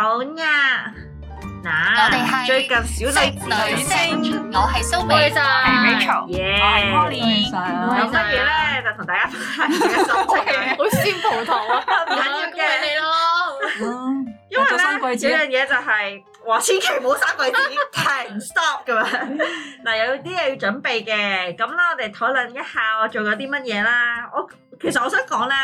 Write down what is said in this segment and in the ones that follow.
好呀，嗱，最近小女子推出我係蘇貝咋，係 Rachel，我係魔蓮，有乜嘢咧就同大家分享而家新出嘅，好酸葡萄啊，唔緊要嘅你咯，因為咧有一樣嘢就係，哇，千祈唔好生貴子，唔 stop 㗎嘛，嗱，有啲嘢要準備嘅，咁啦，我哋討論一下我做咗啲乜嘢啦，我其實我想講咧，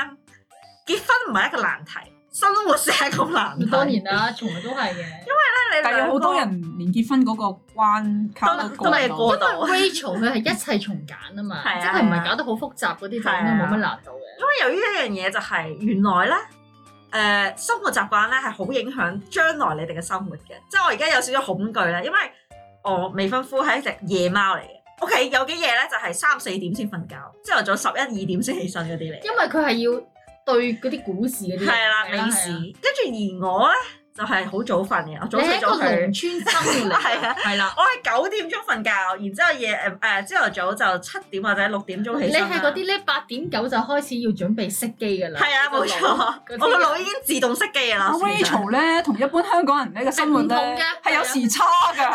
結婚唔係一個難題。生活成咁難，當然啦，從嚟都係嘅。因為咧，你但好多人連結婚嗰個關卡、那個、都，都過唔度到。Rachel 咧係一切從簡啊嘛， 啊即係唔係搞得好複雜嗰啲，啊、就應該冇乜難度嘅。因為由於一樣嘢就係、是，原來咧，誒、呃、生活習慣咧係好影響將來你哋嘅生活嘅。即係我而家有少少恐懼咧，因為我未婚夫係一隻夜貓嚟嘅。OK，有幾夜咧就係、是、三、四點先瞓覺，之後仲十一、二點先起身嗰啲嚟。因為佢係要。對嗰啲股市嗰啲係啦，美市，跟住而我咧。就係好早瞓嘅，早早起。農村生嚟，係啊，係啦。我係九點鐘瞓覺，然之後夜誒朝頭早就七點或者六點鐘起身。你係嗰啲咧，八點九就開始要準備熄機㗎啦。係啊，冇錯。我個腦已經自動熄機啦。Rachel 咧同一般香港人呢個生活咧係有時差㗎。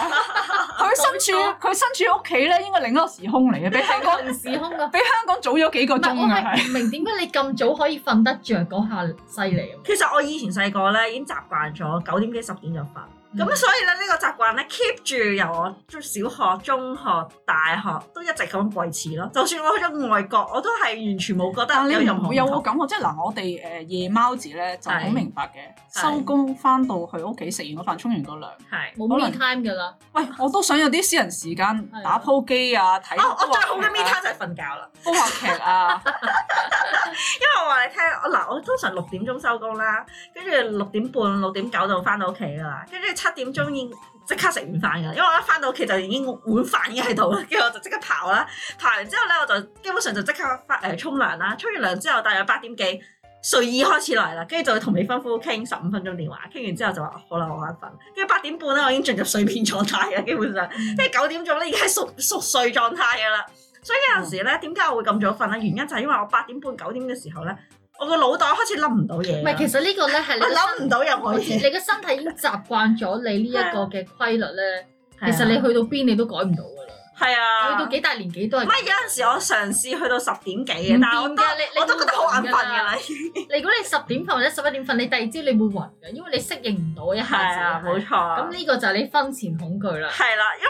佢身處佢身處屋企咧，應該另一個時空嚟嘅，比香港比香港早咗幾個鐘啊。唔明點解你咁早可以瞓得著，嗰下犀利。其實我以前細個咧已經習慣咗。九點幾十點就發。咁、嗯、所以咧呢、這個習慣咧 keep 住由我即係小學、中學、大學都一直咁維持咯。就算我去咗外國，我都係完全冇覺得呢有任何唔同。但你唔會有個感覺，即係嗱，我哋誒、呃、夜貓子咧就好明白嘅。收工翻到去屋企食完個飯，沖完個涼，冇咩 time 㗎啦。能喂，我都想有啲私人時間的打鋪機啊，睇。哦，我，我最好嘅 me time 就係瞓覺啦，煲下劇啊。 因為我話你聽，嗱，我通常六點鐘收工啦，跟住六點半、六點九就翻到屋企啦，跟住。七點鐘已經即刻食完飯嘅，因為我一翻到屋企就已經碗飯已經喺度啦，跟住我就即刻跑啦，跑完之後咧我就基本上就即刻翻誒沖涼啦，沖完涼之後大約八點幾睡意開始嚟啦，跟住就同未婚夫傾十五分鐘電話，傾完之後就話好啦，我晏瞓，跟住八點半咧我已經進入睡眠狀態嘅，基本上，即係九點鐘咧已經係熟熟睡狀態嘅啦，所以有陣時咧點解我會咁早瞓咧？原因就係因為我八點半九點嘅時候咧。我個腦袋開始諗唔到嘢。唔係，其實呢個咧係你諗唔到任何嘢。你嘅身體已經習慣咗你呢一個嘅規律咧， 是啊、其實你去到邊你都改唔到噶啦。係啊，去到幾大年紀都係。唔係，有陣時我嘗試去到十點幾嘅，但我都你你我都覺得好眼瞓㗎啦。你如果 你十點瞓或者十一點瞓，你第二朝你會暈㗎，因為你適應唔到一下子。係啊，冇錯。咁呢個就係你婚前恐懼啦。係啦，因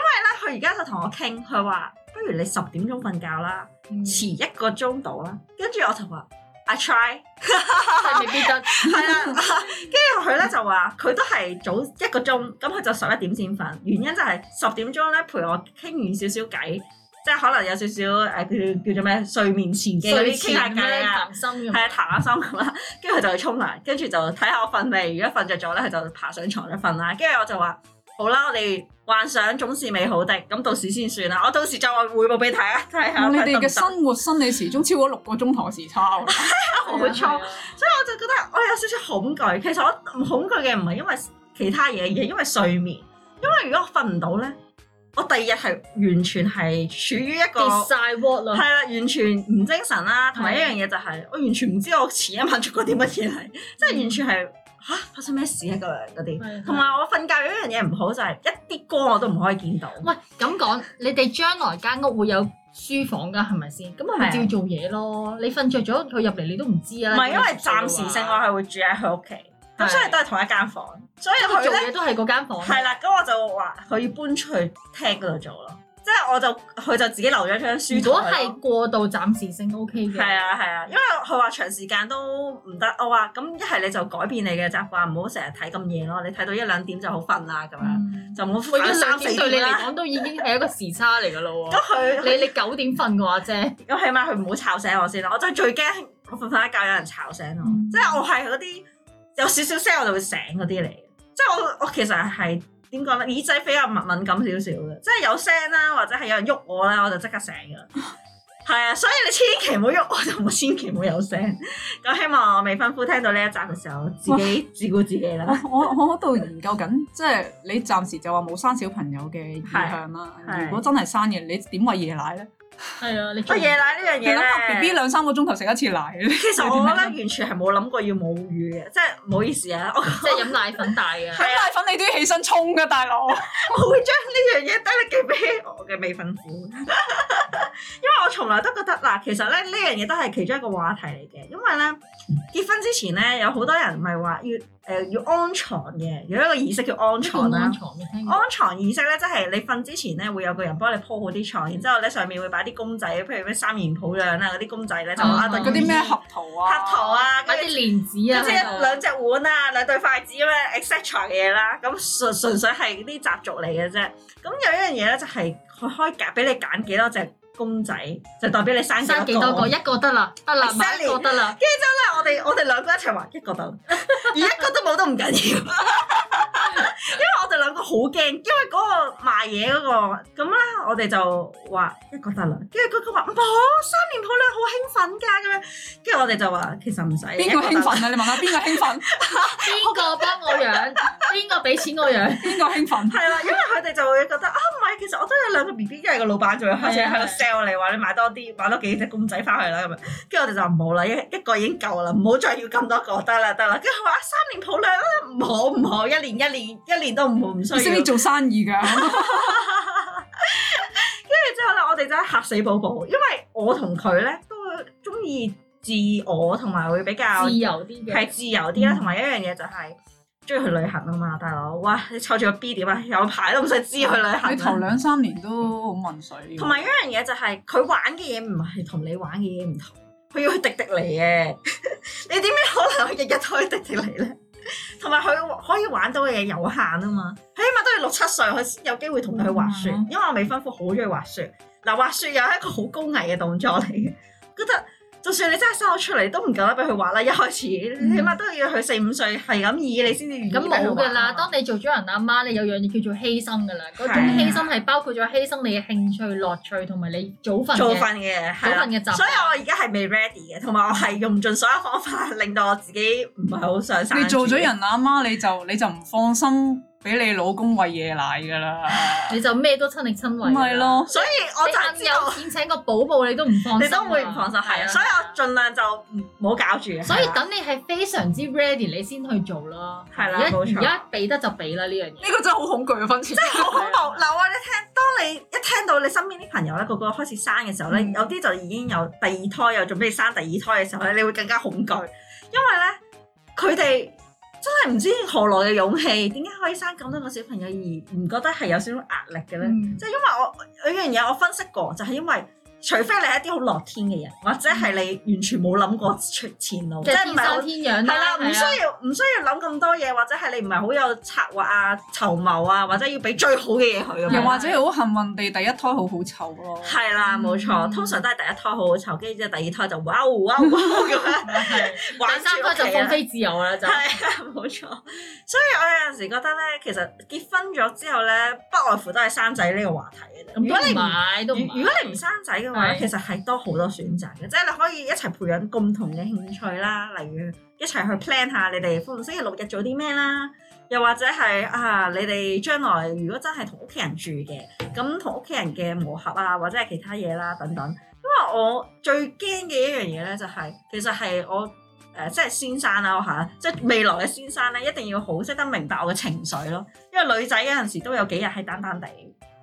為咧，佢而家就同我傾，佢話不如你十點鐘瞓覺啦，遲一個鐘度啦，跟住我就話。I try，係咪變咗？係 啦， 跟住佢咧就話佢都係早一個鐘，咁佢就十一點先瞓。原因就係十點鐘咧陪我傾完少少偈，即係可能有少少誒叫做咩睡眠前記傾下偈啊，係啊前談下心咁啦。跟住佢就去沖涼，跟住就睇下我瞓未。如果瞓着咗咧，佢就爬上床一瞓啦。跟住我就話。好啦，我哋幻想總是美好的，咁到時先算啦。我到時再匯報俾你睇啊！睇下你哋嘅生活生理時鐘超過六個鐘頭時，時差喎，冇 錯。啊啊、所以我就覺得我有少少恐懼。其實我唔恐懼嘅唔係因為其他嘢，而係因為睡眠。因為如果我瞓唔到咧，我第二日係完全係處於一個跌晒 watt 啦，係啦、啊，完全唔精神啦、啊。同埋一樣嘢就係、是啊、我完全唔知我前一晚做過啲乜嘢。係，即係完全係。吓、啊，發生咩事啊？嗰嗰啲，同埋的我瞓覺有、就係、一樣嘢唔好就係一啲光我都唔可以見到。喂，咁講，你哋將來間屋會有書房㗎？係咪先？咁係咪照做嘢咯？的你瞓着咗佢入嚟，你都唔知啊？唔係，因為暫時性我係會住喺佢屋企，咁的所以都係同一間房，所以佢做嘢都係嗰間房、啊。係啦，咁我就話佢可以搬出去廳嗰度做咯。嗯嗯。即係我就佢就自己留咗張書。如果係過度暫時性 O K 嘅。係、okay、啊係啊，因為佢話長時間都唔得。我話咁一係你就改變你嘅習慣，唔好成日睇咁夜咯。你睇到一兩點就好瞓啦，咁樣、嗯、就唔好反三點對你嚟講都已經係一個時差嚟㗎咯。咁佢 他你他你九點瞓嘅話啫，咁起碼佢唔好吵醒我先啦。我真係最驚我瞓翻一覺有人吵醒我。嗯、即係我係嗰啲有少少聲我就會醒嗰啲嚟。嘅。即係我我，我其實係。點講咧，耳仔比較敏敏感少少嘅，即係有聲啦，或者係有人喐我咧，我就即刻醒噶啦。係啊， 所以你千祈唔好喐我就，唔好千祈唔好有聲。咁 希望未婚夫聽到呢一集嘅時候，自己照顧自己啦。我我喺度研究緊，即係 你暫時就話冇生小朋友嘅意向啦。如果真係生嘅，你點餵夜奶咧？係啊、 哎，你餵夜奶呢樣嘢咧，B B 兩三個鐘頭食一次奶。其實我覺得 完全係冇諗過要母乳嘅，即係唔好意思啊， 我即係飲奶粉大啊。飲 奶粉你都要起身沖噶，大佬， 我會將呢樣嘢第一日寄俾我嘅未婚夫。因為我從來都覺得嗱，其實咧呢樣嘢都係其中一個話題嚟嘅。因為咧結婚之前咧有好多人唔係話要誒要安床嘅，有一個儀式叫安床啦。安床儀式咧即係你瞓之前咧會有個人幫你鋪好啲床，然之後咧上面會擺啲公仔，譬如咩三年抱兩啦，嗰啲公仔咧就擺嗰啲咩合桃啊？核桃啊？擺啲蓮子啊？即係兩隻碗啊，兩對筷子咁樣，etc x c 嘅嘢啦。咁純純粹係啲習俗嚟嘅啫。咁有一樣嘢咧就係開揀，俾你揀幾多隻。公仔就代表你生生幾多個，一個得啦，得啦生， 一個得啦。跟住之後咧，我哋我哋兩個一齊話一個得，而一個都冇都唔緊要，因為我哋兩個好驚，因為個。賣嘢嗰個咁啦、嗯，我哋就話一個得啦。跟住佢佢話好，三年抱兩好興奮噶咁樣。跟住我哋就話其實唔使邊個興奮啊？你問下邊個興奮？邊個幫我養？邊個俾錢我養？邊個興奮？係啦，因為佢哋就會覺得啊，唔、哦、係，其實我都有兩個 B B，因為個老闆仲要喺度 sell 你，話你買多啲，買多幾隻公仔翻去啦咁樣。跟住我哋就唔好啦，一一個已經夠啦，唔好再要咁多個得啦得啦。跟住話三年抱兩唔好唔好，好，一年一年，一年，一，年一年都唔好，唔、嗯、需要。識唔識做生意噶？ 跟住 之後咧，我哋真係嚇死寶寶，因為我同佢咧都中意自我同埋會比較自由啲嘅，係自由啲啦，同埋、嗯、一樣嘢就係中意去旅行啊嘛，大佬哇！你湊住個 B 點啊，有排都唔使知去旅行，頭兩三年都好混水、啊。同埋、嗯、一樣嘢就係、是、佢玩嘅嘢唔係同你玩嘅嘢唔同，佢要去迪士尼嘅， 你點樣可能去日日都去迪士尼咧？同埋佢可以玩到嘅嘢有限啊嘛，佢起碼都要六七歲，佢先有機會同佢去滑雪。嗯啊、因為我未婚夫好中意滑雪，嗱、呃、滑雪又係一個好高危嘅動作嚟嘅，覺得。就算你真係生我出嚟，都唔夠得俾佢玩啦！一開始，嗯、起碼都要佢四五歲係咁易你先至。咁冇噶啦，吧當你做咗人阿媽，你有樣嘢叫做犧牲㗎喇。嗰種犧牲係包括咗犧牲你嘅興趣、樂趣同埋你早瞓嘅早瞓嘅習慣。所以我而家係未 ready 嘅，同埋我係用盡所有方法令到我自己唔係好想生。你做咗人阿媽，你就你就唔放心。俾你老公餵夜奶噶啦，你就咩都親力親為。係咯，所以我就有錢請個保姆，你都唔放心。你都會唔放心，係啊，所以我盡量就唔好搞住。所以等你係非常之 ready，你先去做咯。係啦，冇錯。而家而家俾得就俾啦呢樣嘢。呢個真係好恐懼嘅分錢。真係好恐怖！嗱，我你聽，當你一聽到你身邊啲朋友咧，個個開始生嘅時候咧，有啲就已經有第二胎，又準備生第二胎嘅時候咧，你會更加恐懼，因為咧佢哋。真係唔知何來嘅勇氣，點解可以生咁多個小朋友而唔覺得係有少少壓力嘅呢？就係、嗯、因為我有樣嘢我分析過，就係、是、因為。除非你係一啲好樂天嘅人，或者係你完全冇諗過前路，即係唔係好？係啦，唔需要唔需要諗咁多嘢，或者係你唔係好有策劃啊、籌謀啊，或者要俾最好嘅嘢佢。又或者好幸運地，第一胎好好湊咯。係啦，冇錯，通常都係第一胎好好湊，跟住之後第二胎就哇哇咁，第三胎就放飛自由啦，就係，冇錯。所以我有陣時覺得咧，其實結婚咗之後咧，不外乎都係生仔呢個話題。如果你唔如果你唔生仔。其實係多好多選擇嘅，即係你可以一齊培養共同嘅興趣啦，例如一齊去 plan 下你哋逢星期六日做啲咩啦，又或者係啊，你哋將來如果真係同屋企人住嘅，咁同屋企人嘅磨合啊，或者係其他嘢啦、啊、等等。因為我最驚嘅一樣嘢咧，就係其實係我誒、呃、即係先生啦嚇，即係未來嘅先生咧，一定要好識得明白我嘅情緒咯。因為女仔有陣時都有幾日係單單地。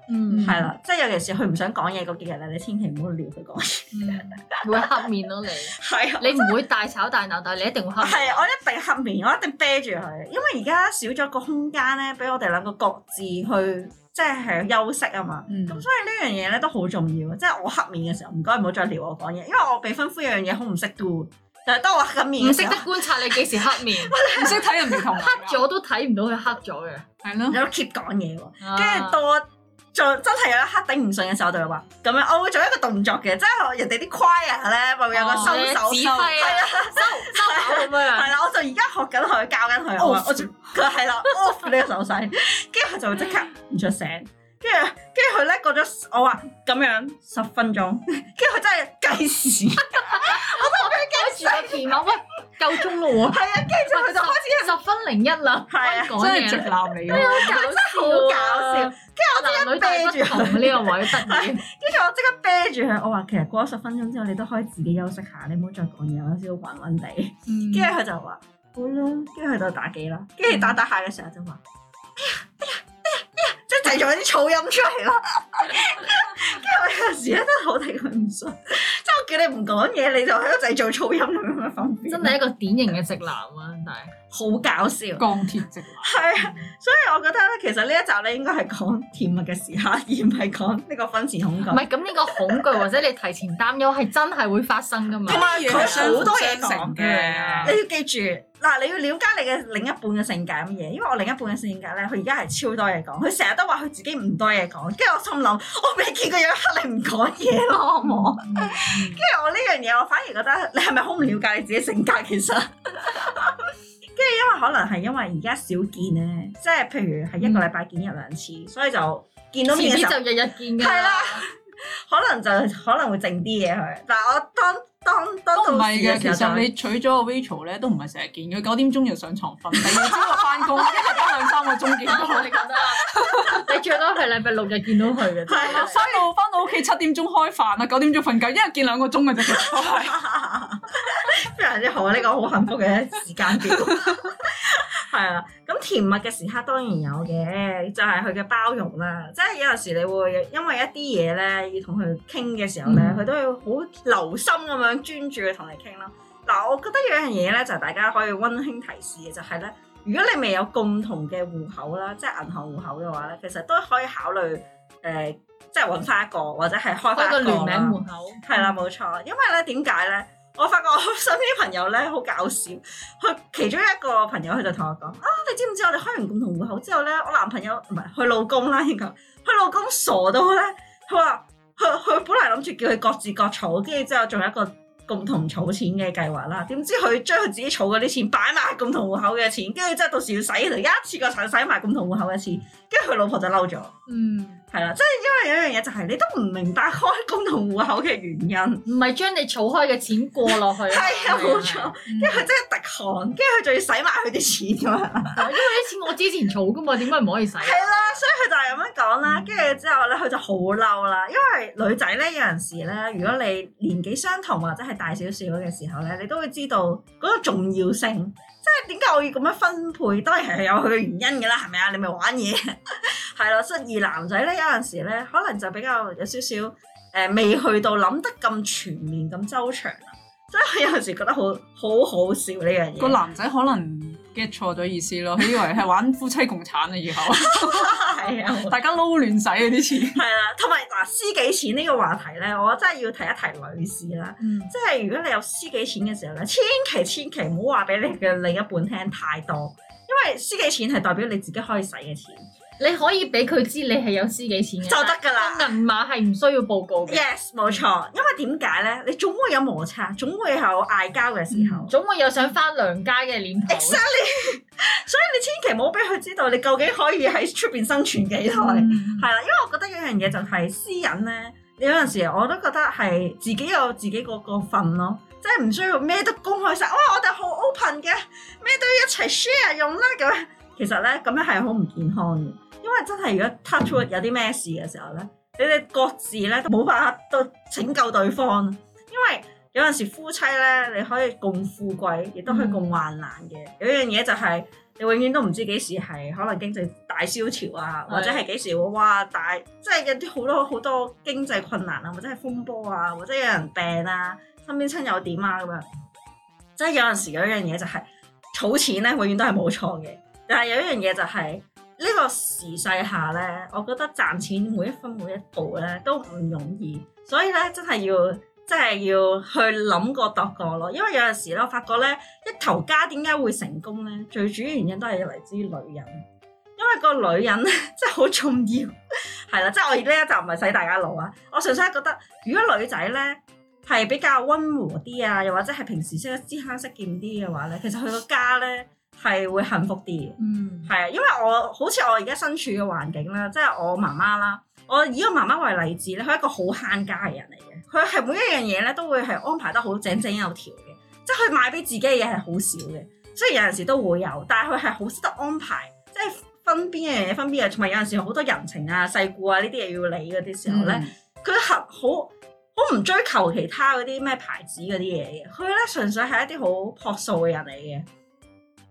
嗯，係啦，即係尤其是佢唔想講嘢嗰幾日咧，你千祈唔好撩佢講嘢，會黑面咯你。係啊，你唔會大吵大鬧，但你一定會黑面。係，我一定黑面，我一定啤住佢，因為而家少咗個空間咧，俾我哋兩個各自去，即係係休息啊嘛。咁所以呢樣嘢咧都好重要，即係我黑面嘅時候，唔該唔好再撩我講嘢，因為我被分夫一樣嘢好唔識 do，但係當我黑面唔識得觀察你幾時黑面，唔識睇人面，黑咗都睇唔到佢黑咗嘅。係咯，有得 keep 講嘢，跟住多。做真係有一刻頂唔順嘅時候，我就會話：咁樣，我會做一個動作嘅，即、就、係、是、人哋啲 choir 咧，會，會有個收手勢，係、哦啊、了收收佢咪啦。係啦， 我就而家學緊佢，教緊佢，oh，我話說我做佢係啦，off 呢個手勢，跟住佢就會即刻唔出聲。跟住，跟住佢咧過咗，我話咁樣十分鐘，跟住佢真係計時，我覺得佢計時有啲唔好，喂夠鐘咯喎，係啊，跟住佢就開始十分零一啦，開始講嘢直鬧你，係啊，真係好搞笑，跟住我啲女啤住佢呢個位，跟住我即刻啤住佢，我話其實過咗十分鐘之後，你都可以自己休息下，你唔好再講嘢啦，先要暈暈地。跟住佢就話好咯，跟住佢就打機啦，跟住打打下嘅時候就話。哎呀，哎呀，哎呀，哎呀，即係製造啲噪音出嚟咯。跟住我有陣時咧都好睇佢唔順，即係我叫你唔講嘢，你就喺度製造噪音樣，咁咩分別？真係一個典型嘅直男啊，但係好搞笑，鋼鐵直男。係啊、嗯，所以我覺得咧，其實呢一集咧應該係講甜蜜嘅時刻，而唔係講呢個婚前恐、恐、恐懼。唔係，咁呢個恐懼或者你提前擔憂係真係會發生噶嘛？咁 啊，佢好多嘢講嘅，你要記住。嗱，你要了解你嘅另一半嘅性格咁嘢，因為我另一半嘅性格咧，佢而家係超多嘢講，佢成日都話佢自己唔多嘢講。跟住我心諗，我未見過一刻，你唔講嘢咯，好唔好？跟住、嗯、 我呢樣嘢，我反而覺得你係咪好唔了解你自己性格？其實，跟 住因為可能係因為而家少見咧，即係譬如係一個禮拜見一兩次，嗯、所以就見到面就日日見㗎，係啦， 可能就可能會靜啲嘢佢。嗱，我當。都唔係嘅，其實你娶咗個 Rachel 咧，都唔係成日見佢，九點鐘又上床瞓，第二朝又翻工，一 兩三個鐘見都可 你覺得？啦，你最多係禮拜六日見到佢嘅。係啊，所以我翻到屋企七點鐘開飯啊，九點鐘瞓覺，一日見兩個鐘嘅就足。非常之好啊，呢、呢個好幸福嘅時間表係啊。 咁甜蜜嘅時刻當然有嘅，就係佢嘅包容啦。即係有陣時你會因為一啲嘢咧，要同佢傾嘅時候咧，佢都要好留心咁樣專注去同你傾咯。嗱，我覺得有樣嘢咧，就係、大家可以溫馨提示嘅就係、係、咧，如果你未有共同嘅戶口啦，即係銀行戶口嘅話咧，其實都可以考慮誒、呃，即係揾翻一個或者係開翻個、啊、個聯名戶口。係啦，冇錯，因為咧點解咧？我發覺我身邊啲朋友咧好搞笑，佢其中一個朋友佢就同我講：啊，你知唔知我哋開完共同戶口之後咧，我男朋友唔係佢老公啦，然後，佢老公傻到咧，佢話佢佢本嚟諗住叫佢各自各儲，跟住之後仲有一個共同儲錢嘅計劃啦。點知佢將佢自己儲嗰啲錢擺埋共同戶口嘅錢，跟住之後到時要使就一次過使曬埋共同戶口嘅錢，跟住佢老婆就嬲咗。嗯。係啦，即係因為有一樣嘢就係你都唔明白開工同戶口嘅原因，唔係將你儲開嘅錢過落去。係啊 的，冇的錯，嗯、因為佢真係特行，跟住佢仲要使埋佢啲錢啊嘛。 因為啲錢我之前儲嘅嘛，點解唔可以使？係啦，所以佢就係咁樣講啦。跟住之後咧，佢就好嬲啦，因為女仔咧有陣時咧，如果你年紀相同或者係大少少嘅時候咧，你都會知道嗰個重要性。即係點解我要咁樣分配？當然係有佢嘅原因㗎啦，係咪啊？你咪玩嘢，係 咯。所以男仔咧，有陣時咧，可能就比較有少少誒，未去到諗得咁全面咁周詳。即係有陣時覺得好好好笑呢樣嘢，個男仔可能 get 錯咗意思咯，佢 以為係玩夫妻共產 啊，以後係啊，大家撈亂使啊啲錢係啦，同埋嗱私己錢呢個話題咧，我真係要提一提女士啦，嗯、即係如果你有私己錢嘅時候咧，千祈千祈唔好話俾你嘅另一半聽太多，因為私己錢係代表你自己可以使嘅錢。你可以俾佢知你係有私己錢嘅就得㗎啦。個銀碼係唔需要報告嘅。Yes，冇錯。因為點解咧？你總會有摩擦，總會有嗌交嘅時候、嗯，總會有想翻娘家嘅念頭。Exactly。 所以你千祈唔好俾佢知道你究竟可以喺出邊生存幾耐。係啦、嗯，因為我覺得有一樣嘢就係私隱咧。有陣時我都覺得係自己有自己嗰個份咯，即係唔需要咩都公開晒。哇！我哋好 open 嘅，咩都要一齊 share 用啦咁。其實咧，咁樣係好唔健康嘅。因為真係如果 touch wood 有啲咩事嘅時候咧，你哋各自咧都冇辦法都拯救對方。因為有陣時夫妻咧，你可以共富貴，亦都可以共患難嘅。嗯、有一樣嘢就係、是，你永遠都唔知幾時係可能經濟大蕭條啊，或者係幾時會哇大，即係有啲好多好多經濟困難啊，或者係風波啊，或者有人病啊，身邊親友點啊咁樣。即係有陣時有一樣嘢就係、是，儲錢咧永遠都係冇錯嘅。但係有一樣嘢就係、是。呢個時勢下咧，我覺得賺錢每一分每一步咧都唔容易，所以咧真係要真係要去諗過度過咯。因為有陣時咧，我發覺咧一頭家點解會成功咧？最主要原因都係嚟自於女人，因為個女人咧真係好重要，係 啦。即係我而家就唔係洗大家腦啊！我純粹覺得如果女仔咧係比較温和啲啊，又或者係平時識得知慳識儉啲嘅話咧，其實佢個家咧。係會幸福啲，嗯，係啊，因為我好似我而家身處嘅環境啦，即係我媽媽啦，我以我媽媽為例子咧，佢係一個好慳家嘅人嚟嘅，佢係每一樣嘢咧都會係安排得好井井有條嘅，即係佢買俾自己嘅嘢係好少嘅，雖然有陣時都會有，但係佢係好識得安排，即係分邊嘅嘢，分邊嘅，同埋有陣時好多人情啊、世故啊呢啲嘢要理嗰啲時候咧，佢係好好唔追求其他嗰啲咩牌子嗰啲嘢嘅，佢咧純粹係一啲好樸素嘅人嚟嘅。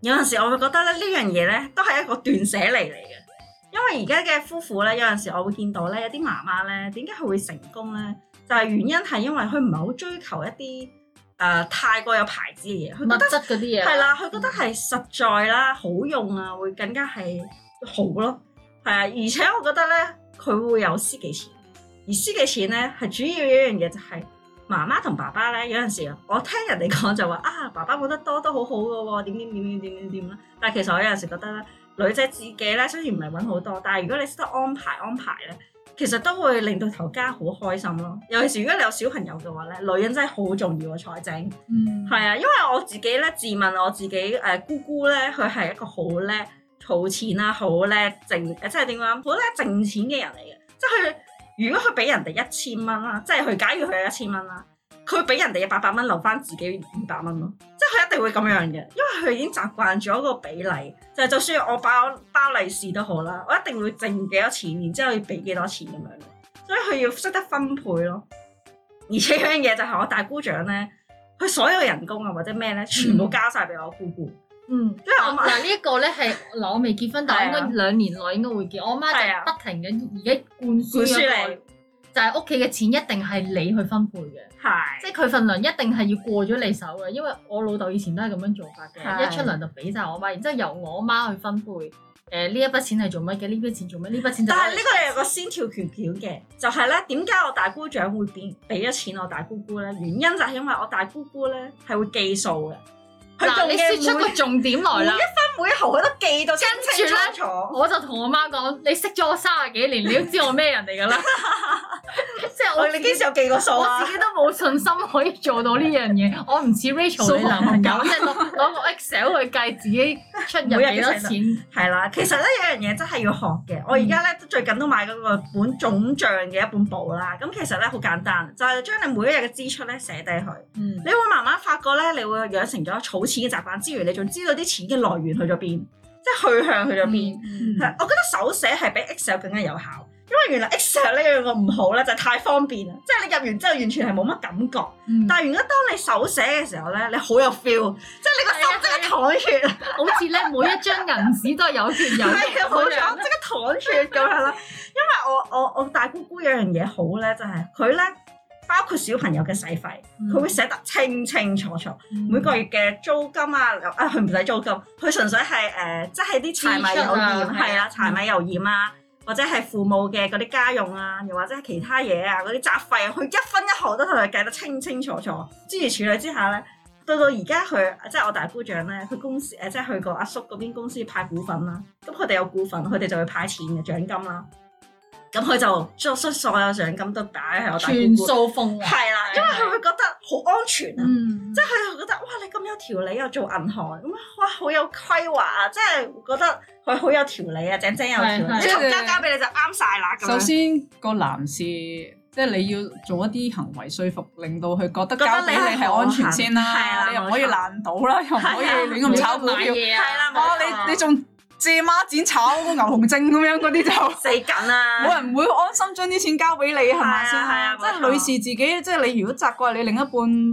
有陣時我會覺得咧呢樣嘢咧都係一個斷捨離嚟嘅，因為而家嘅夫婦咧有陣時我會見到咧有啲媽媽咧點解佢會成功咧？就係、是、原因係因為佢唔係好追求一啲誒、呃、太過有牌子嘅嘢，佢覺得物質嗰啲嘢係啦，佢覺得係實在啦，好用啊，會更加係好咯，係啊，而且我覺得咧佢會有私己錢，而私己錢咧係主要一樣嘢就係、是。媽媽同爸爸咧，有陣時我聽人哋講就話啊，爸爸揾得多都好好嘅喎，點點點點點點啦。但係其實我有陣時覺得咧，女仔自己咧雖然唔係揾好多，但係如果你識得安排安排咧，其實都會令到頭家好開心咯。尤其是如果你有小朋友嘅話咧，女人真係好重要嘅、啊、財政。嗯，係啊，因為我自己咧自問我自己誒、呃、姑姑咧，佢係一個好叻儲錢啦，好叻淨誒即係點話好叻淨錢嘅人嚟嘅，即係。如果佢俾人哋一千蚊啦，即係佢假如佢有一千蚊啦，佢俾人哋八百蚊，留翻自己五百蚊咯，即係佢一定會咁樣嘅，因為佢已經習慣咗個比例，就係、就算我包包利是都好啦，我一定會剩幾多錢，然之後要俾幾多錢咁樣，所以佢要識得分配咯。而且一樣嘢就係我大姑丈咧，佢所有人工啊或者咩咧，全部加晒俾我姑姑。嗯嗯，即係嗱，呢一個咧係嗱，我未結婚，但係應該兩年內應該會結。我阿媽就不停咁而家灌輸一個，就係屋企嘅錢一定係你去分配嘅，是即係佢份糧一定係要過咗你手嘅。因為我老豆以前都係咁樣做法嘅，是一出糧就俾晒我阿媽，然之後由我阿媽去分配。誒、呃、呢一筆錢係做乜嘅？呢筆錢做乜？呢筆錢就係，但係呢個有個先條權條嘅，就係咧點解我大姑丈會變俾咗錢我大姑姑咧？原因就係因為我大姑姑咧係會計數嘅。嗱，你說出個重點來啦！一分每毫，佢都記到清清楚楚。我就同我媽講：你識咗我卅幾年，你都知我咩人嚟㗎啦！即係我，你幾時有記過數啊？我自己都冇信心可以做到呢樣嘢，我唔似 Rachel So 你男朋友，即係攞攞個 Excel 去計自己出入幾多錢。係啦，其實咧有樣嘢真係要學嘅。我而家咧最近都買咗個本總帳嘅一本簿啦。咁其實咧好簡單，就係將你每一日嘅支出咧寫低佢。你會慢慢發覺咧，你會養成咗儲錢嘅習慣之餘，你仲知道啲錢嘅來源去咗邊，即係去向去咗邊。係、嗯，我覺得手寫係比 Excel 更加有效，因為原來 Excel 呢樣嘢唔好咧就係太方便，即、就、係、係、你入完之後完全係冇乜感覺。嗯、但係如果當你手寫嘅時候咧，你好有 feel，即係你個心即刻淌血，好似咧每一張銀紙都係有血有錢。係啊， 我我即刻淌血咁樣咯。 因為我我我，我，我大姑姑有樣嘢好咧，就係佢咧。包括小朋友嘅使費，佢會寫得清清楚楚。每個月嘅租金啊，啊佢唔使租金，佢純粹係誒，即係啲柴米油鹽，係啊，柴米油鹽啊，或者係父母嘅嗰啲家用啊，又或者係其他嘢啊，嗰啲雜費啊，佢一分一毫都同佢計得清清楚楚。之如處理之下咧，到到而家佢即係我大姑丈咧，佢公司誒即係去過阿叔嗰邊公司派股份啦，咁佢哋有股份，佢哋就會派錢嘅獎金啦。咁佢就作出所有獎金都擺喺我大官官，全數封係啦，因為佢會覺得好安全啊，即係佢覺得哇，你咁有條理又做銀行，咁哇好有規劃啊，即係覺得佢好有條理啊，井井有條，你同家交俾你就啱晒啦。首先個男士，即係你要做一啲行為説服，令到佢覺得交俾你係安全先啦，你又唔可以爛賭啦，又唔可以亂咁炒股票，係啦，冇錯。借孖展炒個牛熊證咁樣嗰啲就 死緊啦了！冇人唔會安心將啲錢交俾你係咪先？啊啊、即係女士自己，即係你如果責怪你，你另一半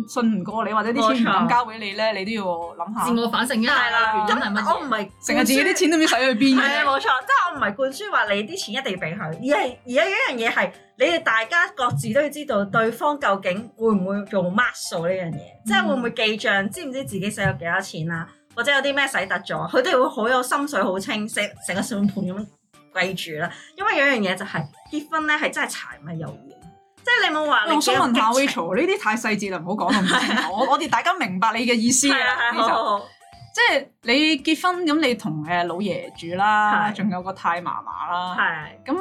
信唔過你，或者啲錢唔敢交俾你咧，你都要諗下。自我反省一下啦，啊、原因係乜我唔係成日自己啲錢都唔知使去邊嘅。係 啊，冇錯，即係我唔係灌輸話你啲錢一定要俾佢，而係而家一樣嘢係，你哋大家各自都要知道對方究竟會唔會用 mark 數呢樣嘢，嗯、即係會唔會記賬，知唔知自己使咗幾多錢啊？或者有啲咩洗突咗，佢都係會好有心水，好清晰成個算盤咁樣計住啦。因為有樣嘢就係、是、結婚咧，係真係柴米油鹽。即係你冇話、哦，我想問下 Rachel，呢啲太細節啦，唔好講咁細。我我哋大家明白你嘅意思嘅，呢好！即係你結婚咁，你同誒老爺住啦，仲有個太嫲嫲啦。係咁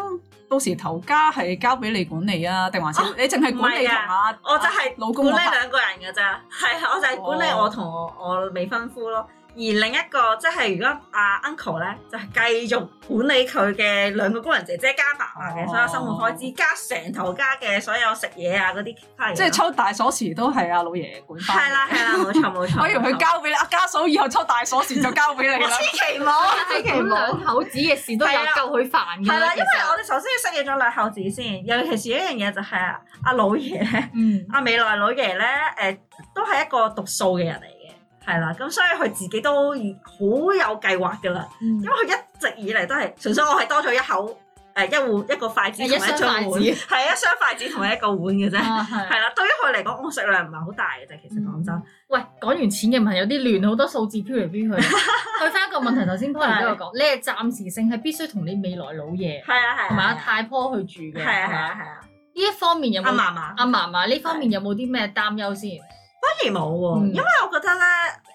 到時頭家係交俾你管理啊，定還是你淨係管理同我，我就係老公呢兩個人嘅咋？係， 我就係管理我同我我未婚夫咯。而另一個即係如果阿、啊、uncle 咧，就係、是、繼續管理佢嘅兩個工人姐姐加爸爸嘅所有生活開支，加成頭家嘅所有食嘢啊，嗰啲即係抽大鎖匙都係阿老爺管。係啦係啦，冇錯冇錯。可 錯以唔交俾阿 家嫂，以後抽大鎖匙就交俾佢啦。千祈冇，千祈冇。兩口子嘅事都有夠佢煩嘅、啊。係啦 實，因為我哋首先要適應咗兩口子先，尤其是一樣嘢就係阿老,老爺阿、嗯啊、未來老爺咧，誒都係一個讀數嘅人嚟。係啦，咁所以佢自己都好有計劃噶啦，因為佢一直以嚟都係純粹我係多咗一口誒一碗一個筷子同埋一雙碗，係一雙筷子同埋一個碗嘅啫。係啦，對於佢嚟講，我食量唔係好大嘅啫。其實講真，喂，講完錢嘅問題有啲亂，好多數字飄嚟飄去。去翻一個問題，頭先 Po 人都有講，你係暫時性係必須同你未來老爺，係啊係，同埋阿太婆去住嘅，係啊係啊係啊。呢一方面有冇阿嫲嫲？阿嫲嫲呢方面有冇啲咩擔憂先？反而冇喎，嗯、因為我覺得咧，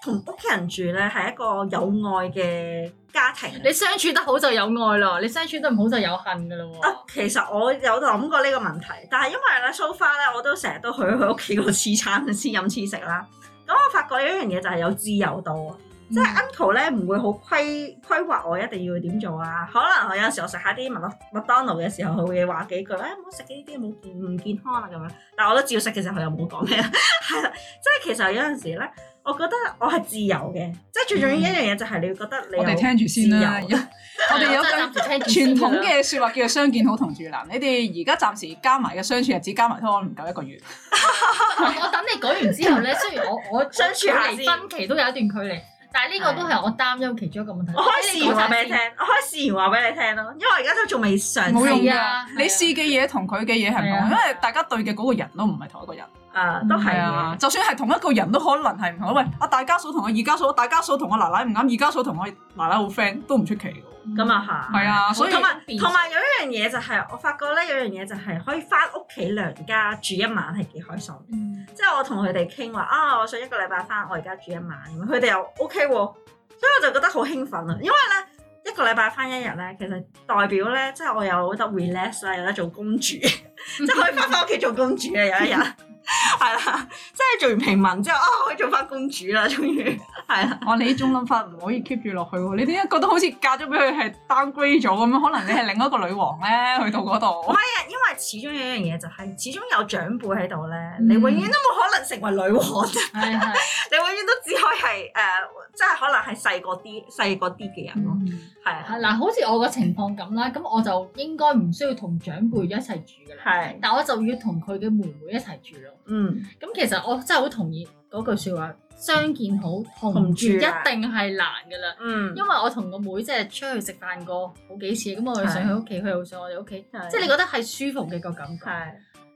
同屋企人住咧，係一個有愛嘅家庭。你相處得好就有愛咯，你相處得唔好就有恨噶咯喎。啊，其實我有諗過呢個問題，但係因為咧蘇花 So far 咧，我都成日都去佢屋企個黐餐黐飲黐食啦。咁我發覺一樣嘢就係有自由度。即係 uncle 咧，唔會好規規劃我一定要點做啊！可能我有陣時我食下啲麥麥當勞嘅時候，佢會話幾句：「誒唔好食嘅呢啲，唔唔健康啊咁樣。但係我都照食，其實佢又唔好講咩。係 啦，即係其實有陣時咧，我覺得我係自由嘅。即係最重要一樣嘢就係你要覺得你。我哋聽住先啦。 我哋有一句傳統嘅説話叫做「相見好同住難」。你哋而家暫時加埋嘅相處日子加埋拖唔夠一個月。 我等你講完之後咧，雖然我我，我相處離分期都有一段距離。但係呢個都係我擔憂其中一個問題。我開視言話俾你聽，我開視言話俾你聽咯，因為我而家都仲未嘗試啊！啊你試嘅嘢同佢嘅嘢係唔同，啊啊、因為大家對嘅嗰個人都唔係同一個人。啊，都係啊！就算係同一個人都可能係唔同，喂，阿大家嫂同我二家嫂，大家嫂同我奶奶唔啱，二家嫂同我奶奶好 friend 都唔出奇嘅。咁、嗯、啊吓，係啊，所以同埋有，成有，有一樣嘢就係、是，我發覺咧有一樣嘢就係、是、可以翻屋企娘家住一晚係幾開心。嗯、即係我同佢哋傾話啊，我想一個禮拜翻我而家住一晚，佢哋又 OK 喎，所以我就覺得好興奮啊！因為咧一個禮拜翻一日咧，其實代表咧即係我有得 relax 啦，有得做公主，即係、嗯、 可以翻翻屋企做公主啊！有一日。 係啦，即係做完平民之後，啊、哦、可以做翻公主啦！終於係啦，我哋、哦、你呢種諗法唔可以 keep 住落去喎？你點解覺得好似嫁咗俾佢係 downgrade 咗咁樣？可能你係另一個女王咧，去到嗰度唔係啊？因為始終有一樣嘢就係、是、始終有長輩喺度咧，嗯、你永遠都冇可能成為女王，嗯、 你永遠都只可以係誒、呃，即係可能係細個啲、細個啲嘅人咯。係嗱，好似我個情況咁啦，咁我就應該唔需要同長輩一齊住噶啦，但我就要同佢嘅妹妹一齊住咯。嗯，咁其實我真係好同意嗰句説話，相見好同住一定係難嘅啦。嗯，因為我同個妹即係出去食飯過好幾次，咁、嗯、我又上去屋企，佢又是上我哋屋企，即係是你覺得係舒服嘅個感覺。係是，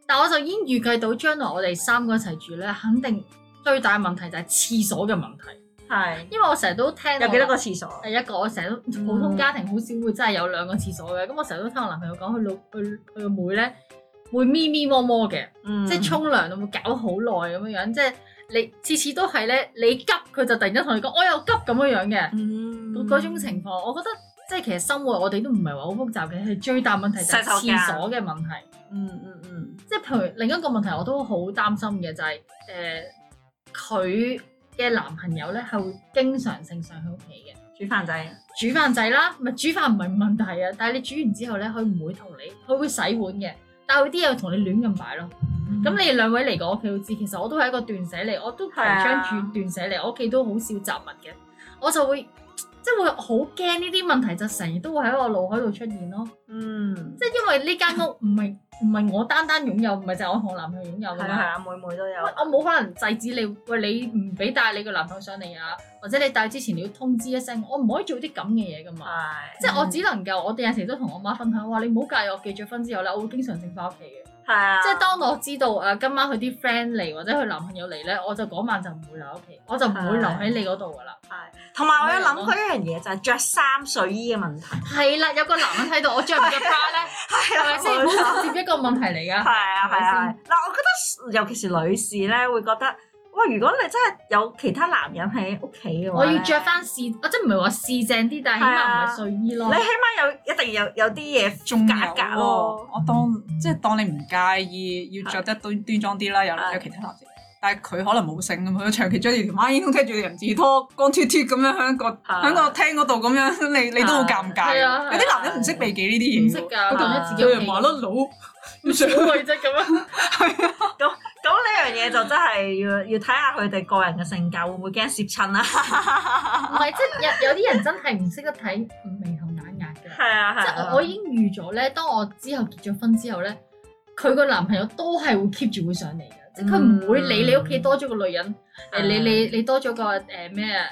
但我就已經預計到將來我哋三個一齊住咧，肯定最大問題就係廁所嘅問題。係是，因為我成日都聽我有幾多個廁所？第一個，我成日都、嗯、普通家庭好少會真係有兩個廁所嘅。咁我成日都聽我男朋友講，佢老佢佢個妹咧，會咪咪摸摸嘅，即係沖涼都會搞好耐咁樣樣，即係你次次都係咧，你急佢就突然間同你講，我有急咁樣樣嘅，咁嗰、嗯、種情況，我覺得即係其實生活我哋都唔係話好複雜嘅，係最大問題就係廁所嘅問題。嗯嗯嗯，嗯即係譬如另一個問題我都好擔心嘅就係誒佢嘅男朋友咧係會經常性上去屋企嘅煮飯仔，煮飯仔啦，咪煮飯唔係問題啊，但係你煮完之後咧，佢唔會同你，佢會洗碗嘅。有啲嘢同你亂咁擺咯，咁、嗯、你哋兩位嚟過屋企都知，其實我都係一個斷捨離，我都提倡斷斷捨離，啊、我屋企都好少雜物嘅，我就會。即係會好驚呢啲問題，就成日都會喺我腦海度出現咯。嗯，即係因為呢間屋唔係唔係我單單擁有，唔係就係我同我男朋友擁有噶嘛。係係，妹妹都有。我冇可能制止你，喂，你唔俾帶你個男朋友上嚟啊，或者你帶之前你要通知一聲，我唔可以做啲咁嘅嘢噶嘛。係的，即係我只能夠，我哋有成日都同我媽分享，話你唔好介意我，我結咗婚之後咧，我會經常性翻屋企嘅。即係當我知道啊，今晚佢啲 friend 嚟，或者佢男朋友嚟咧，我就嗰晚就唔會留屋企，我就唔會留喺你嗰度噶啦。係，同埋我有諗佢一樣嘢，就係着衫睡衣嘅問題。係啦，有個男人喺度，我着唔着得翻咧？係咪先？接一個問題嚟噶。係啊係啊，嗱我覺得尤其是女士咧會覺得。如果你真係有其他男人喺屋企嘅話，我要着翻試，即係唔係話試正啲，但係起碼唔係睡衣咯。你起碼有一定有有啲嘢，仲有咯。我當即係當你唔介意，要着得端端莊啲啦。有有其他男人，但係佢可能冇性吖嘛，佢長期著住條孖煙筒，踢住人字拖，光脱脱咁樣喺個喺個廳嗰度咁樣，你你都好尷尬。有啲男人唔識避忌呢啲嘢，唔識㗎。佢咁樣自己，佢係馬勒佬，小貴咁樣。係啊。咁呢樣嘢就真係要要睇下佢哋個人嘅性格會唔會驚涉親啦？唔係，即係有有啲人真係唔識得睇眉頭眼額嘅。係啊係啊，即係我已經預咗咧，當我之後結咗婚之後咧，佢個男朋友都係會 keep 住會上嚟嘅，即係佢唔會理你屋企多咗個女人，誒你你你多咗個誒咩啊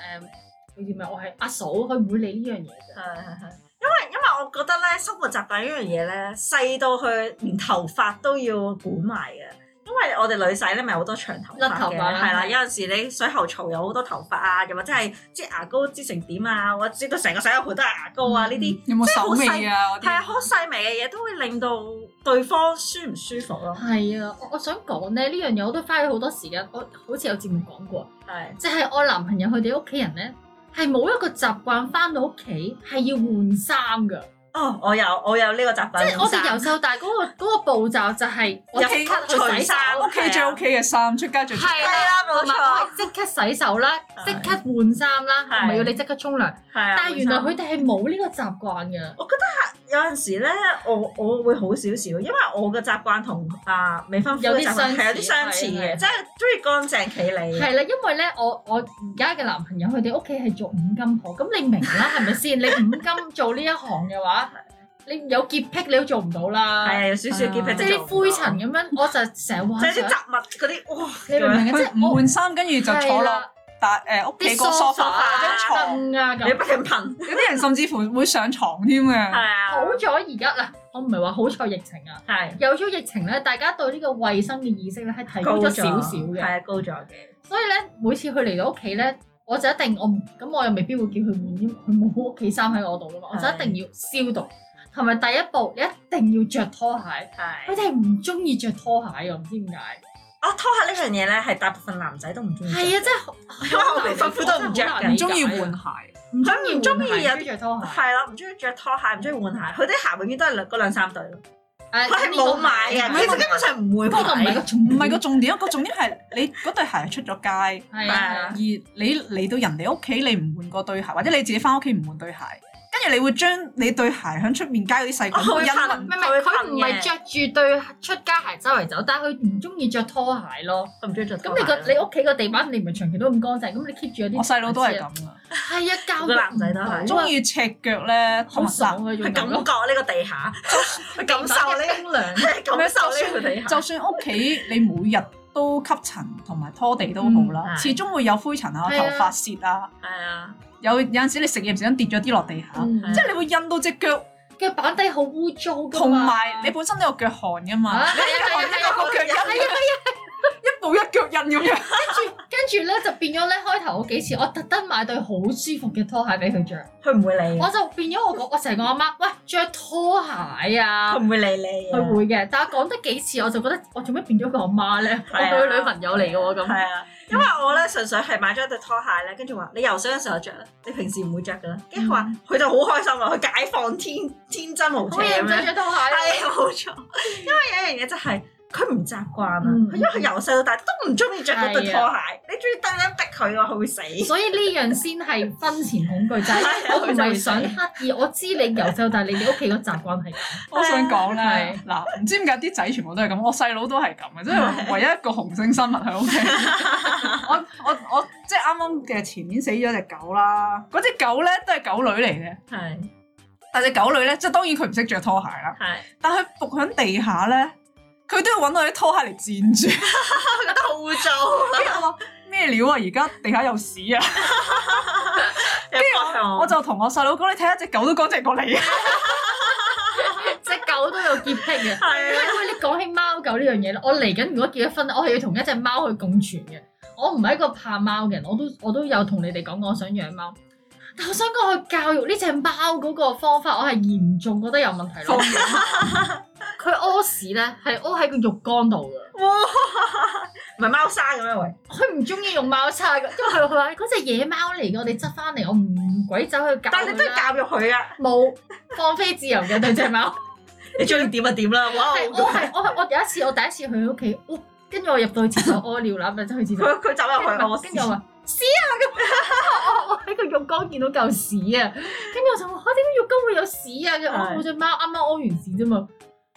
誒叫咩？我係阿嫂，佢唔會理呢樣嘢嘅。係係係，因為因為我覺得咧，生活習慣呢樣嘢咧細到去連頭髮都要管埋嘅。因為我哋女仔咧，咪好多長頭髮甩頭髮，係啦，有陣時你水喉槽有好多頭髮有有啊，又或者係擠牙膏擠成點啊，我擠到成個洗手盆都係牙膏啊，呢啲即係好細，係啊，好細微嘅嘢都會令到對方舒唔舒服咯。係啊，我我想講咧，呢樣嘢我都花咗好多時間，我好似有節目講過，係即係我男朋友佢哋屋企人咧，係冇一個習慣翻到屋企係要換衫㗎。哦，我有我有呢個習慣，即係我哋由細到大嗰個步驟就係我即刻洗衫，屋企著屋企嘅衫，出街著。係啦，冇錯。即刻洗手啦，即刻換衫啦，唔係要你即刻沖涼。係但係原來佢哋係冇呢個習慣嘅。我覺得有陣時咧，我我會好少少，因為我嘅習慣同阿未婚夫嘅習慣有啲相似嘅，即係中意乾淨企理。係啦，因為咧，我我而家嘅男朋友佢哋屋企係做五金鋪。咁你明啦，係咪先？你五金做呢一行嘅話。你有潔癖，你都做唔到啦。係啊，有少少潔癖。即係啲灰塵咁樣，我就成日話。即係啲雜物嗰啲哇，你明唔明啊？即係換衫，跟住就坐落打誒屋企個梳化啊，張牀啊，咁。你不停噴，有啲人甚至乎會上牀添嘅。係啊，好在而家啊，我唔係話好在疫情啊。係。有咗疫情咧，大家對呢個衞生嘅意識咧係提高咗少少嘅。係啊，高咗嘅。所以咧，每次佢嚟到屋企咧，我就一定我唔咁，我又未必會叫佢換添，因為佢冇屋企衫喺我度啊嘛。我就一定要消毒。同埋第一步你一定要着拖鞋。係佢哋唔中意着拖鞋，我唔知點解。啊，拖鞋呢樣嘢咧，係大部分男仔都唔中意。係啊，即係，因為我平時都唔著唔中意換鞋，唔中意意着拖鞋，係咯，唔中意着拖鞋，唔中意換鞋。佢啲鞋永遠都係兩三對咯。佢係冇買嘅，其實根本上唔會。不過唔係個唔係個重點，個重點係你嗰對鞋出咗街，而你嚟到人哋屋企，你唔換嗰對鞋，或者你自己翻屋企唔換對鞋。即係你會將你對鞋喺出面街嗰啲細菌，佢忍唔耐，佢唔係着住對出街鞋周圍走，但係佢唔中意着拖鞋咯，佢唔中意着拖鞋。咁你個你屋企個地板，你唔係長期都咁乾淨，咁你 keep 住有啲。我細佬都係咁啊，係啊，教個男仔都係。中意赤腳咧，好爽啊！感覺呢個地下，感受呢個冰涼，咁樣受呢個地。就算屋企你每日都吸塵同埋拖地都好啦，始終會有灰塵啊、頭髮屑啊。係啊。有有陣時你食嘢唔小心跌咗啲落地下，嗯、即係你會印到隻腳，腳板底好污糟，同埋你本身都有腳汗㗎嘛， 你腳有腳汗有腳汗。哎冇一腳印咁樣，跟住跟住咧就變咗咧。開頭嗰幾次，我特登買對好舒服嘅拖鞋俾佢着，佢唔會理。我就變咗我我成個阿媽，喂，着拖鞋啊！佢唔會理你，佢會嘅。但係講得幾次，我就覺得，我做咩變咗個阿媽咧？我對佢女朋友嚟嘅喎咁。係啊，因為我咧純粹係買咗對拖鞋咧，跟住話你游水嘅時候著，你平時唔會着嘅啦。跟住話佢就好開心啊，佢解放天天真無邪咁樣。係啊，冇錯。因為有一樣嘢就係。佢唔習慣啊！佢因為由細到大都唔中意着嗰對拖鞋，你仲意硬硬逼佢，啊，佢會死。所以呢樣先係婚前恐懼症，我唔係想刻意。我知你由細到大，你哋屋企個習慣係咁。我想講咧，嗱，唔知點解啲仔全部都係咁，我細佬都係咁嘅，即係唯一一個雄性生物喺屋企。我我我即係啱啱嘅前面死咗隻狗啦，嗰隻狗咧都係狗女嚟嘅，但隻狗女咧即係當然佢唔識着拖鞋啦，但佢伏響地下咧。佢都要揾我啲拖鞋嚟墊住， 覺得好污糟。跟住我話咩料啊？而家地下有屎啊！跟住 我就同我細佬講：你睇下隻狗都乾淨過你啊！隻狗都有潔癖嘅。係啊喂，你講起貓狗呢樣嘢，我嚟緊如果結咗婚，我係要同一隻貓去共存嘅。我唔係一個怕貓嘅人，我都我都有同你哋講過，我想養貓。但我想講，去教育呢隻貓嗰個方法，我係嚴重覺得有問題咯。 佢屙屎咧，係屙喺個浴缸度嘅。唔係貓砂咁樣喂，佢唔中意用貓砂噶，因為佢佢話嗰隻野貓嚟嘅，我哋執翻嚟，我唔鬼走去教。但係你真係教育佢啊？冇放飛自由嘅，對隻貓，你中意點就點啦。哇！我係我我有一次我第一次去佢屋企，哦，跟住我入到去廁所屙尿啦，咪真係廁所。佢佢走入去我跟住話屎啊！咁我我喺個浴缸見到舊屎啊，跟住我就話：，：我點解浴缸會有屎啊？我隻貓啱啱屙完屎啫嘛。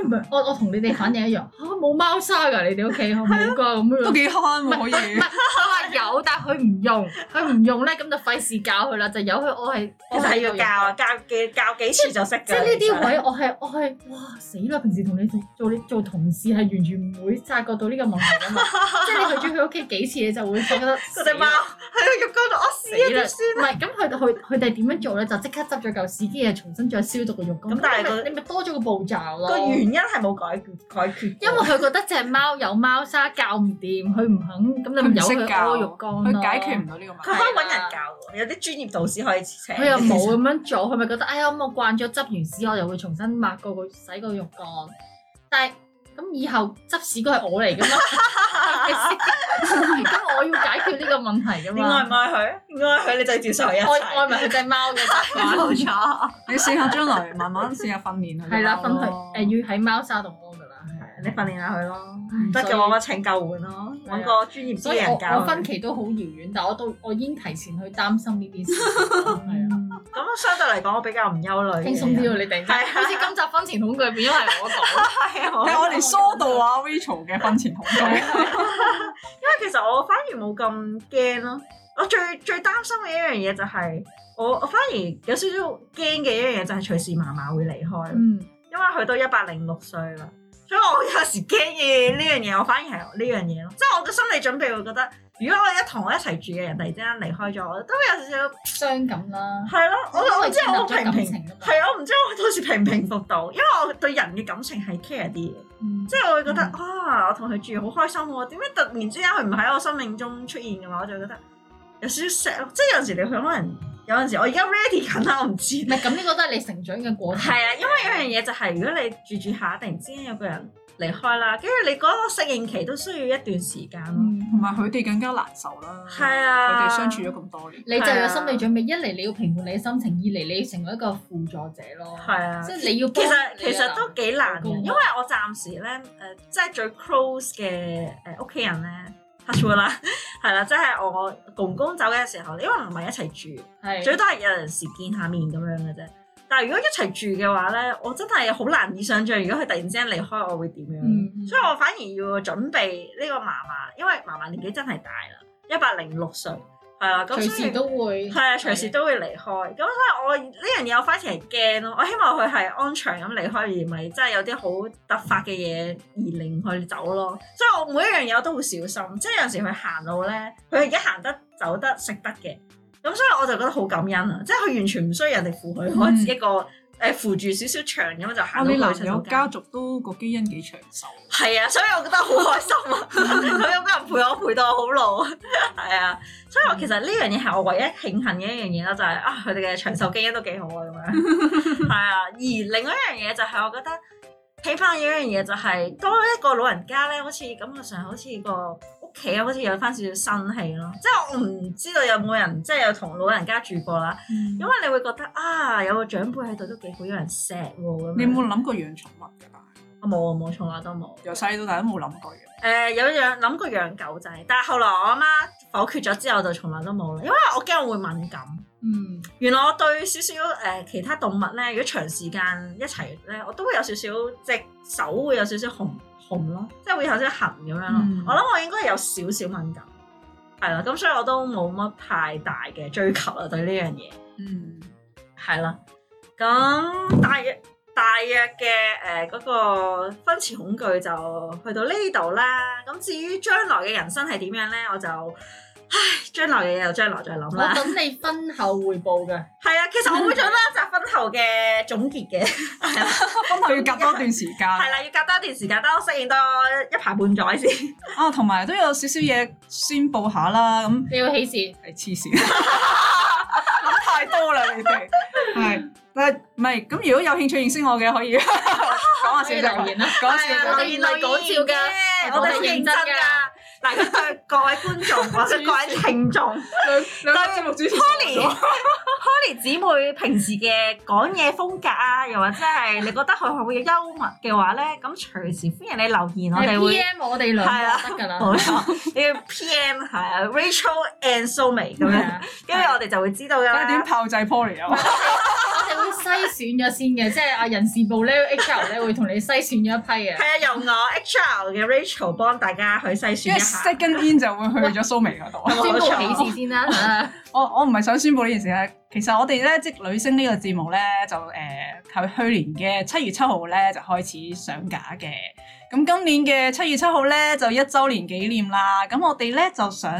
唔係，我我同你哋反應一樣嚇，冇貓砂㗎，你哋屋企冇缸咁樣，都幾慳喎。唔係唔係，有但係佢唔用，佢唔用咧，咁就費事教佢啦，就由佢我係，但係要教啊，教幾教幾次就識。即係呢啲位，我係我係，哇死啦！平時同你哋做你做同事係完全唔會察覺到呢個問題噶嘛。即係你去咗佢屋企幾次，你就會覺得嗰隻貓喺個浴缸度屙屎，我死啦！唔係咁佢佢佢哋點樣做咧？就即刻執咗嚿屎，跟住重新再消毒個浴缸。咁但係佢你咪多咗個步驟咯。原因係冇解決，解因為佢覺得隻貓有貓砂教唔掂，佢唔 肯，咁就由佢屙浴缸咯、啊。佢解決唔到呢個問題。佢可以揾人教喎，的有啲專業導師可以請。佢又冇咁樣做，佢咪 覺得，哎呀、嗯，我慣咗執完屎，我又會重新抹個個洗個浴缸，但係，咁以後執屎都係我嚟嘅咩？咁、 嗯、我要解決呢個問題嘅嘛。你愛唔愛佢？愛佢你就要接受佢一齊。我愛咪係隻貓嘅。冇呀 錯！ 你試下將來慢慢試下訓練佢。係啦，訓佢、呃、要喺貓沙度屙㗎啦。係，你訓練下佢咯。唔得嘅、嗯，我咪請救援咯，揾對個專業人教我。所以我婚期都好遙遠，但我都我已經提前去擔心呢啲事。係啊。 咁相對嚟講，我比較唔憂慮，輕鬆啲喎。你頂，係係、啊。好似 今集婚前恐懼片，因為我講，係我哋疏導啊 Rachel 嘅婚前恐懼。因為其實我反而冇咁驚咯。我最最擔心嘅一樣嘢就係、是，我我反而有少少驚嘅一樣嘢就係隨時嫲嫲會離開。嗯，因為佢都一百零六歲啦，所以我有時驚嘅呢樣嘢，我反而係呢樣嘢咯。即係我嘅心理準備會覺得。如果我一同我一齊住嘅人突然之間離開咗，我都會有少少傷感啦。係咯的，我知我唔知我平平，係我唔知我到時平平復到，因為我對人嘅感情係 care 啲嘅，嗯、即係我會覺得、嗯、啊，我同佢住好開心喎，點解突然之間佢唔喺我生命中出現嘅話，我就覺得有少少 sad 咯。即係有時你佢可能有陣時我，我而家 ready 緊啦，我唔知。唔係咁呢個都係你成長嘅過程。係啊， 因為有樣嘢就係、是，如果你住住下，突然之間有個人。離開啦，跟住你嗰個適應期都需要一段時間咯，同埋佢哋更加難受啦。係啊，佢哋相處咗咁多年，你就有心理準備。啊、一嚟你要平復你嘅心情，二嚟你要成為一個輔助者咯。係啊，即係你要你其實其實都幾難嘅，因為我暫時咧誒、呃，即係最 close 嘅誒屋企人咧，cut 啦，係啦，即 係我公公走嘅時候，因為唔係一齊住的，最多係有陣時見下面咁樣嘅啫。但係如果一齊住嘅話咧，我真係好難以想像，如果佢突然之間離開我會點樣？嗯、嗯，所以我反而要準備呢個嫲嫲，因為嫲嫲年紀真係大啦，一百零六歲，係啦，隨時都會係啊，隨時都會離開。咁對所以我呢樣嘢我反而係驚咯。我希望佢係安詳咁離開，而唔係真係有啲好突發嘅嘢而令佢走咯。所以我每一樣嘢我都好小心。即係有時佢行路咧，佢而家行得走得食得嘅。咁、嗯、所以我就覺得好感恩啊，即係佢完全唔需要人哋扶佢，開始、嗯、一個誒、呃、扶住少少長咁就行到男友到家，家族都個基因幾長壽？係啊，所以我覺得好開心啊，佢 有個人陪我陪到我好老。係 啊，所以我其實呢樣嘢係我唯一慶幸嘅一樣嘢啦，就係、是、啊佢哋嘅長壽基因都幾好啊咁樣。係 啊，而另外一樣嘢就係我覺得睇翻一樣嘢就係、是、多一個老人家咧，好似感覺上好似個。企啊，好似有翻少少新氣咯，即係我唔知道有冇人即係有同老人家住過啦，嗯、因為你會覺得啊有個長輩喺度都幾好，有人錫喎、啊、你有冇諗過養寵物㗎？我冇啊，冇啊，從來都冇。由細到大都冇諗過。誒、呃、有養諗過養狗仔，但係後來我阿媽否決咗之後，就從來都冇啦，因為我驚我會敏感。嗯，原來我對少少誒其他動物咧，如果長時間一齊咧，我都會有少少隻手會有少少紅。咯，嗯、即係會頭先痕咁樣咯，嗯、我諗我應該有少少敏感，係啦，咁所以我都冇乜太大嘅追求啦，對呢樣嘢，嗯，係啦，咁大約大約嘅誒嗰個婚前恐懼就去到呢度啦，咁至於將來嘅人生係點樣咧，我就。唉，將來嘅嘢又將來再諗啦。我等你婚後匯報嘅。係啊，其實我會做多一集婚後嘅總結嘅。係啊， 婚後 要隔多段時間。係啦、 啊，要隔多一段時間，等我適應多一排半載先。哦、啊，同埋都有少少嘢宣布下啦，咁。你要起事？係黐線，諗 太多啦，你哋。係，但係唔係咁？如果有興趣認識我嘅，可以講 下小留言啦。講、啊、笑就變內搞笑噶，我哋認真噶。大家，對各位觀眾或者各位聽眾，對 Poly 姊妹平時嘅講嘢風格啊，又或者係你覺得佢係會有幽默嘅話咧，咁隨時歡迎你留言我哋會，係啊，得㗎啦，冇錯，要 PM 係啊，Rachel and SoMe 咁樣，跟住我哋就會知道㗎啦。點炮製 Poly 啊？我哋會篩選咗先嘅，即係啊人事部咧 HR 咧會同你篩選咗一批嘅。係啊，由我 HR 嘅 Rachel 幫大家去篩選一。塞跟煙就會去咗蘇眉嗰度。宣佈喜事先啦，我我唔係想宣佈呢件事啦。其實我哋咧即係女聲呢個節目咧就誒喺、呃、去年嘅七月七號咧就開始上架嘅。咁今年嘅七月七號咧就一週年紀念啦。咁我哋咧就想，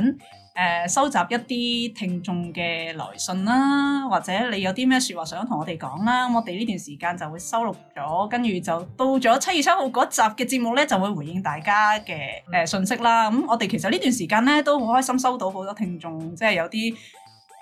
誒、呃、收集一啲聽眾嘅來信啦，或者你有啲咩説話想同我哋講啦，咁、嗯、我哋呢段時間就會收錄咗，跟住就到咗七月七號嗰集嘅節目咧，就會回應大家嘅誒、呃、信息啦。咁、嗯、我哋其實呢段時間咧都好開心收到好多聽眾，即係有啲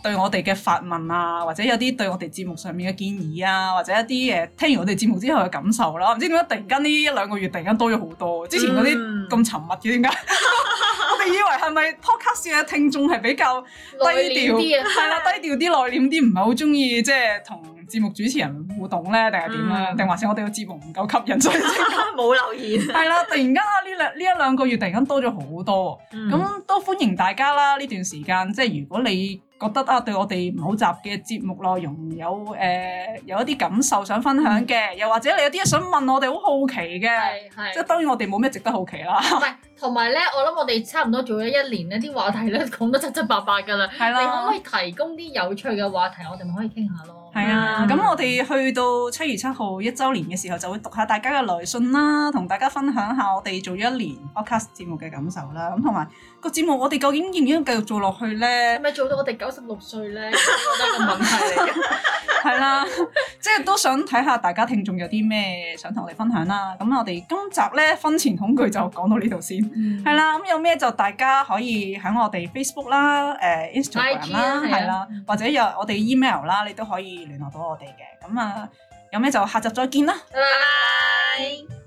對我哋嘅發問啊，或者有啲對我哋節目上面嘅建議啊，或者一啲誒、呃、聽完我哋節目之後嘅感受啦、啊。唔知點解突然間呢一兩個月突然間多咗好多，之前嗰啲咁沉默嘅點解？ 你以為係咪 Podcast 嘅聽眾係比較低調，係啦，低調啲、內斂啲，唔係好中意即係同節目主持人互動咧，定係點啊？定還是、嗯、還是我哋個節目唔夠吸引，所以突然間冇留言。係啦，突然間呢兩呢一兩個月突然間多咗好多，咁都、嗯、歡迎大家啦！呢段時間即係如果你覺得啊，對我哋唔好集嘅節目內容有誒、呃、有一啲感受想分享嘅，又或者你有啲嘢想問我哋，好好奇嘅，即係當然我哋冇咩值得好奇啦。唔係，同埋咧，我諗我哋差唔多做咗一年，呢啲話題咧，講得七七八八㗎啦。係啦，你可唔可以提供啲有趣嘅話題，我哋咪可以傾下咯？係啊，咁、mm. 嗯、我哋去到七月七號一周年嘅時候，就會讀下大家嘅來信啦，同大家分享下我哋做咗一年 Podcast 節目嘅感受啦。咁同埋個節目，我哋究竟應唔應該繼續做落去咧？係咪做到我哋九十六歲咧？我覺得個問題嚟嘅，係 啦、啊， 即係都想睇下大家聽眾有啲咩想同我哋分享啦。咁我哋今集咧婚前恐懼就講到呢度先，係啦、mm. 啊。咁有咩就大家可以喺我哋 Facebook 啦、誒、呃、Instagram 啦，係、啊啊、啦，或者有我哋 email 啦，你都可以，聯絡到我哋嘅，咁啊，有咩就下集再見啦，拜拜。